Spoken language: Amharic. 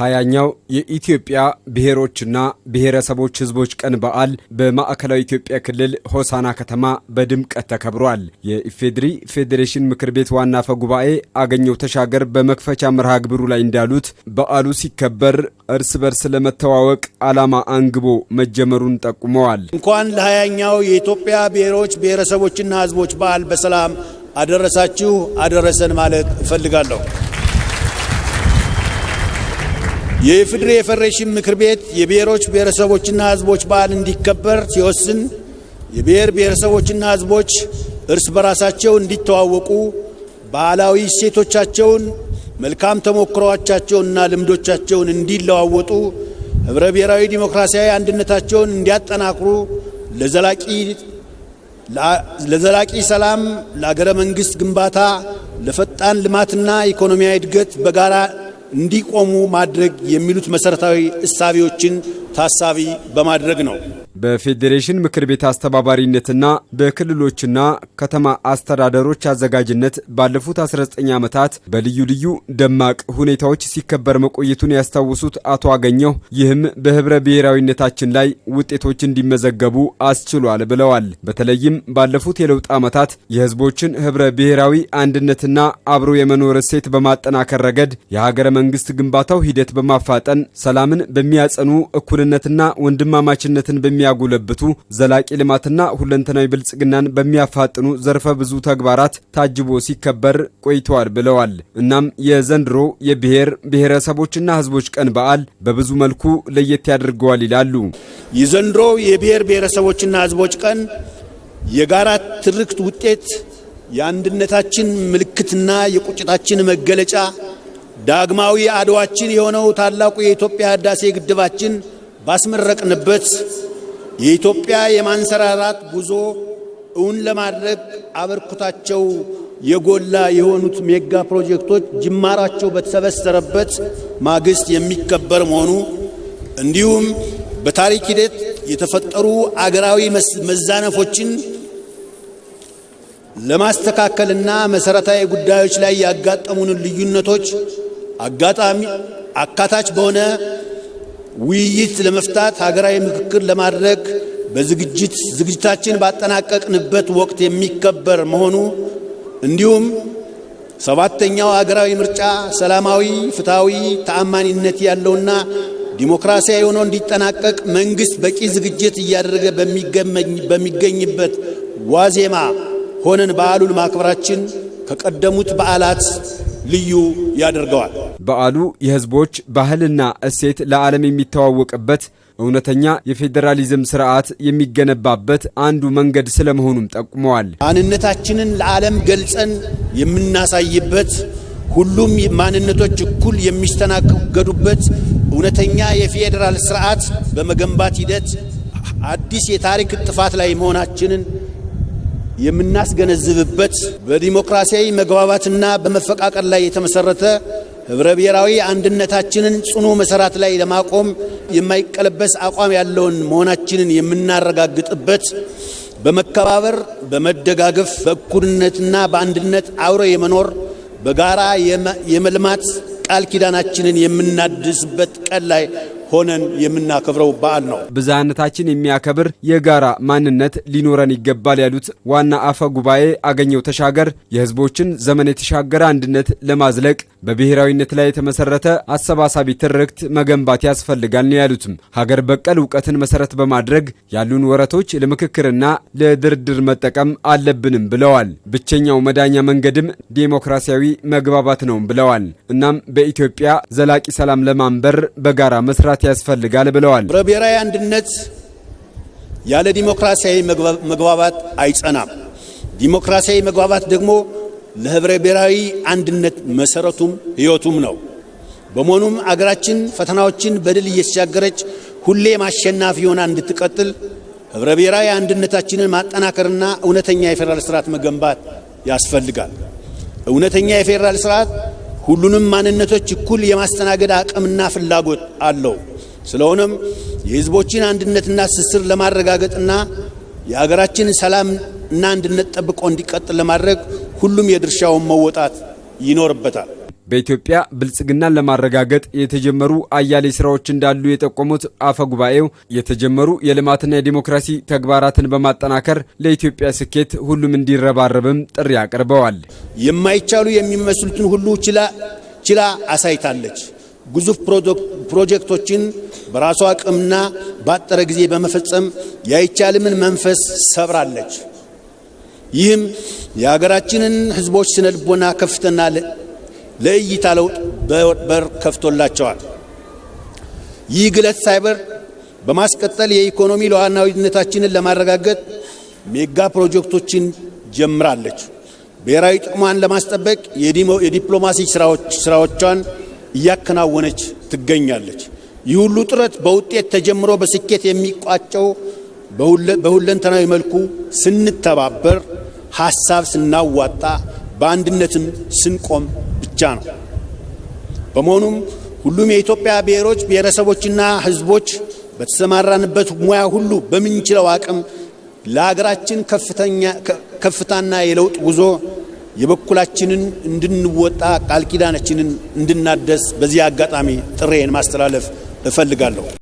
ሀያኛው የኢትዮጵያ ብሔሮችና ብሔረሰቦች ህዝቦች ቀን በዓል በማዕከላዊ ኢትዮጵያ ክልል ሆሳና ከተማ በድምቀት ተከብሯል። የኢፌድሪ ፌዴሬሽን ምክር ቤት ዋና አፈ ጉባኤ አገኘው ተሻገር በመክፈቻ መርሃ ግብሩ ላይ እንዳሉት በዓሉ ሲከበር እርስ በርስ ለመተዋወቅ ዓላማ አንግቦ መጀመሩን ጠቁመዋል። እንኳን ለሀያኛው የኢትዮጵያ ብሔሮች ብሔረሰቦችና ህዝቦች በዓል በሰላም አደረሳችሁ አደረሰን ማለት እፈልጋለሁ። የኢፌዴሪ የፌዴሬሽን ምክር ቤት የብሔሮች ብሔረሰቦችና ህዝቦች በዓል እንዲከበር ሲወስን የብሔር ብሔረሰቦችና ህዝቦች እርስ በራሳቸው እንዲተዋወቁ ባህላዊ እሴቶቻቸውን፣ መልካም ተሞክሮቻቸውንና ልምዶቻቸውን እንዲለዋወጡ፣ ህብረ ብሔራዊ ዲሞክራሲያዊ አንድነታቸውን እንዲያጠናክሩ፣ ለዘላቂ ሰላም፣ ለአገረ መንግስት ግንባታ፣ ለፈጣን ልማትና ኢኮኖሚያዊ እድገት በጋራ እንዲቆሙ ማድረግ የሚሉት መሰረታዊ እሳቤዎችን ታሳቢ በማድረግ ነው። በፌዴሬሽን ምክር ቤት አስተባባሪነትና በክልሎችና ከተማ አስተዳደሮች አዘጋጅነት ባለፉት 19 ዓመታት በልዩ ልዩ ደማቅ ሁኔታዎች ሲከበር መቆየቱን ያስታውሱት አቶ አገኘሁ ይህም በህብረ ብሔራዊነታችን ላይ ውጤቶች እንዲመዘገቡ አስችሏል ብለዋል። በተለይም ባለፉት የለውጥ ዓመታት የህዝቦችን ህብረ ብሔራዊ አንድነትና አብሮ የመኖር እሴት በማጠናከር ረገድ የሀገረ መንግስት ግንባታው ሂደት በማፋጠን ሰላምን በሚያጸኑ እኩልነትና ወንድማማችነትን በሚያ በሚያጎለብቱ ዘላቂ ልማትና ሁለንተናዊ ብልጽግናን በሚያፋጥኑ ዘርፈ ብዙ ተግባራት ታጅቦ ሲከበር ቆይተዋል ብለዋል። እናም የዘንድሮ የብሔር ብሔረሰቦችና ህዝቦች ቀን በዓል በብዙ መልኩ ለየት ያደርገዋል ይላሉ። የዘንድሮ የብሔር ብሔረሰቦችና ህዝቦች ቀን የጋራ ትርክት ውጤት የአንድነታችን ምልክትና የቁጭታችን መገለጫ ዳግማዊ አድዋችን የሆነው ታላቁ የኢትዮጵያ ህዳሴ ግድባችን ባስመረቅንበት የኢትዮጵያ የማንሰራራት ጉዞ እውን ለማድረግ አበርኩታቸው የጎላ የሆኑት ሜጋ ፕሮጀክቶች ጅማራቸው በተሰበሰረበት ማግስት የሚከበር መሆኑ እንዲሁም በታሪክ ሂደት የተፈጠሩ አገራዊ መዛነፎችን ለማስተካከልና መሰረታዊ ጉዳዮች ላይ ያጋጠሙን ልዩነቶች አጋጣሚ አካታች በሆነ ውይይት ለመፍታት ሀገራዊ ምክክር ለማድረግ በዝግጅት ዝግጅታችን ባጠናቀቅንበት ወቅት የሚከበር መሆኑ እንዲሁም ሰባተኛው ሀገራዊ ምርጫ ሰላማዊ፣ ፍትሐዊ፣ ተአማኒነት ያለውና ዲሞክራሲያዊ ሆኖ እንዲጠናቀቅ መንግስት በቂ ዝግጅት እያደረገ በሚገኝበት ዋዜማ ሆነን በዓሉን ማክበራችን ከቀደሙት በዓላት ልዩ ያደርገዋል። በዓሉ የህዝቦች ባህልና እሴት ለዓለም የሚተዋወቅበት እውነተኛ የፌዴራሊዝም ስርዓት የሚገነባበት አንዱ መንገድ ስለመሆኑም ጠቁመዋል። ማንነታችንን ለዓለም ገልጸን የምናሳይበት ሁሉም ማንነቶች እኩል የሚስተናገዱበት እውነተኛ የፌዴራል ስርዓት በመገንባት ሂደት አዲስ የታሪክ ጥፋት ላይ መሆናችንን የምናስገነዝብበት በዲሞክራሲያዊ መግባባትና በመፈቃቀል ላይ የተመሰረተ ህብረ ብሔራዊ አንድነታችንን ጽኑ መሰራት ላይ ለማቆም የማይቀለበስ አቋም ያለውን መሆናችንን የምናረጋግጥበት በመከባበር በመደጋገፍ በእኩልነትና በአንድነት አብሮ የመኖር በጋራ የመልማት ቃል ኪዳናችንን የምናድስበት ቀን ላይ ሆነን የምናከብረው በዓል ነው። ብዝሃነታችን የሚያከብር የጋራ ማንነት ሊኖረን ይገባል ያሉት ዋና አፈ ጉባኤ አገኘው ተሻገር የህዝቦችን ዘመን የተሻገረ አንድነት ለማዝለቅ በብሔራዊነት ላይ የተመሰረተ አሰባሳቢ ትርክት መገንባት ያስፈልጋል ነው ያሉትም። ሀገር በቀል እውቀትን መሰረት በማድረግ ያሉን ወረቶች ለምክክርና ለድርድር መጠቀም አለብንም ብለዋል። ብቸኛው መዳኛ መንገድም ዴሞክራሲያዊ መግባባት ነው ብለዋል። እናም በኢትዮጵያ ዘላቂ ሰላም ለማንበር በጋራ መስራት ያስፈልጋል ብለዋል። ህብረ ብሔራዊ አንድነት ያለ ዲሞክራሲያዊ መግባባት አይጸናም። ዲሞክራሲያዊ መግባባት ደግሞ ለህብረ ብሔራዊ አንድነት መሰረቱም ህይወቱም ነው። በመሆኑም አገራችን ፈተናዎችን በድል እየተሻገረች ሁሌም አሸናፊ ሆና እንድትቀጥል ህብረ ብሔራዊ አንድነታችንን ማጠናከርና እውነተኛ የፌዴራል ስርዓት መገንባት ያስፈልጋል። እውነተኛ የፌዴራል ስርዓት ሁሉንም ማንነቶች እኩል የማስተናገድ አቅምና ፍላጎት አለው። ስለሆነም የህዝቦችን አንድነትና ትስስር ለማረጋገጥና ሰላም ሰላምና አንድነት ጠብቆ እንዲቀጥል ለማድረግ ሁሉም የድርሻውን መወጣት ይኖርበታል። በኢትዮጵያ ብልጽግናን ለማረጋገጥ የተጀመሩ አያሌ ስራዎች እንዳሉ የጠቆሙት አፈ ጉባኤው የተጀመሩ የልማትና የዲሞክራሲ ተግባራትን በማጠናከር ለኢትዮጵያ ስኬት ሁሉም እንዲረባረብም ጥሪ አቅርበዋል። የማይቻሉ የሚመስሉትን ሁሉ ችላ አሳይታለች። ግዙፍ ፕሮጀክቶችን በራሷ አቅምና ባጠረ ጊዜ በመፈጸም ያይቻልምን መንፈስ ሰብራለች። ይህም የሀገራችንን ህዝቦች ስነ ልቦና ከፍተና ለእይታ ለውጥ በር ከፍቶላቸዋል። ይህ ግለት ሳይበር በማስቀጠል የኢኮኖሚ ለዋናዊነታችንን ለማረጋገጥ ሜጋ ፕሮጀክቶችን ጀምራለች። ብሔራዊ ጥቅሟን ለማስጠበቅ የዲፕሎማሲ ስራዎቿን እያከናወነች ትገኛለች። ይህ ሁሉ ጥረት በውጤት ተጀምሮ በስኬት የሚቋጨው በሁለንተናዊ መልኩ ስንተባበር ሐሳብ ስናዋጣ በአንድነትም ስንቆም ብቻ ነው። በመሆኑም ሁሉም የኢትዮጵያ ብሔሮች ብሔረሰቦችና ሕዝቦች በተሰማራንበት ሙያ ሁሉ በምንችለው አቅም ለሀገራችን ከፍታና የለውጥ ጉዞ የበኩላችንን እንድንወጣ ቃል ኪዳናችንን እንድናደስ በዚህ አጋጣሚ ጥሬን ማስተላለፍ እፈልጋለሁ።